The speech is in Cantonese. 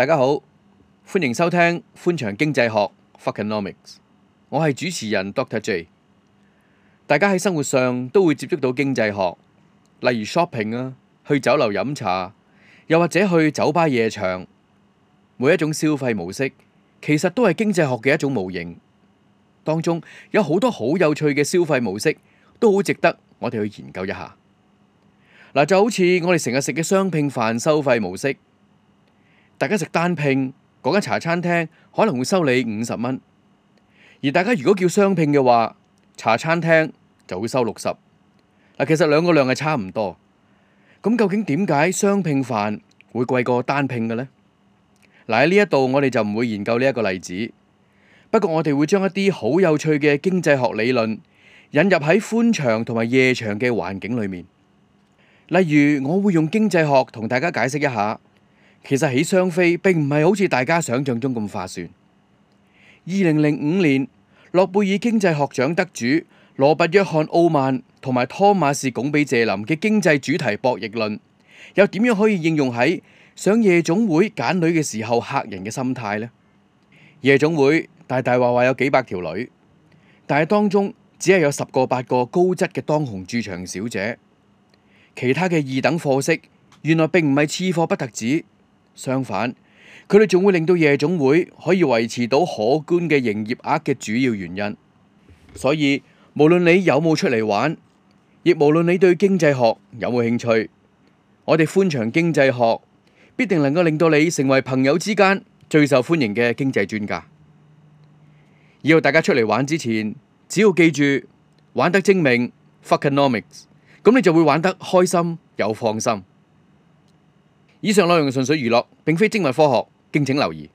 大家好，歡迎收聽《歡場經濟學》（FUCKONOMICS），u 我係主持人 Dr. J。大家喺生活上都會接觸到經濟學，例如 shopping 啊，去酒樓飲茶，又或者去酒吧夜場，每一種消費模式其實都係經濟學嘅一種模型。當中有好多好有趣嘅消費模式，都好值得我哋去研究一下。嗱，就好似我哋成日食嘅雙拼飯收費模式。大家食單拼，嗰間茶餐廳可能會收你五十蚊；而大家如果叫雙拼嘅話，茶餐廳就會收六十。嗱，其實兩個量係差唔多。咁究竟點解雙拼飯會貴過單拼嘅呢？嗱，喺呢一度，我哋就唔會研究呢一個例子。不過我哋會將一啲好有趣嘅經濟學理論引入喺歡場同埋夜場嘅環境裡面。例如，我會用經濟學同大家解釋一下。其實起雙飛並唔係好似大家想像中咁化算。二零零五年諾貝爾經濟學獎得主羅伯約翰奧曼同埋托馬士拱比謝林嘅經濟主題博弈論，又點樣可以應用喺上夜總會揀女嘅時候，客人嘅心態呢？夜總會大大話話有幾百條女，但係當中只係有十個八個高質嘅當紅駐場小姐，其他嘅二等貨色原來並唔係次貨不特止。相反，佢哋仲會令到夜總會可以維持到可觀嘅營業額嘅主要原因。所以，無論你有冇出嚟玩，亦無論你對經濟學有冇興趣，我哋歡場經濟學必定能夠令到你成為朋友之間最受歡迎嘅經濟專家。以後大家出嚟玩之前，只要記住玩得精明，FUCKONOMICS，咁你就會玩得開心又放心。以上內容純粹娛樂，並非精密科學，敬請留意。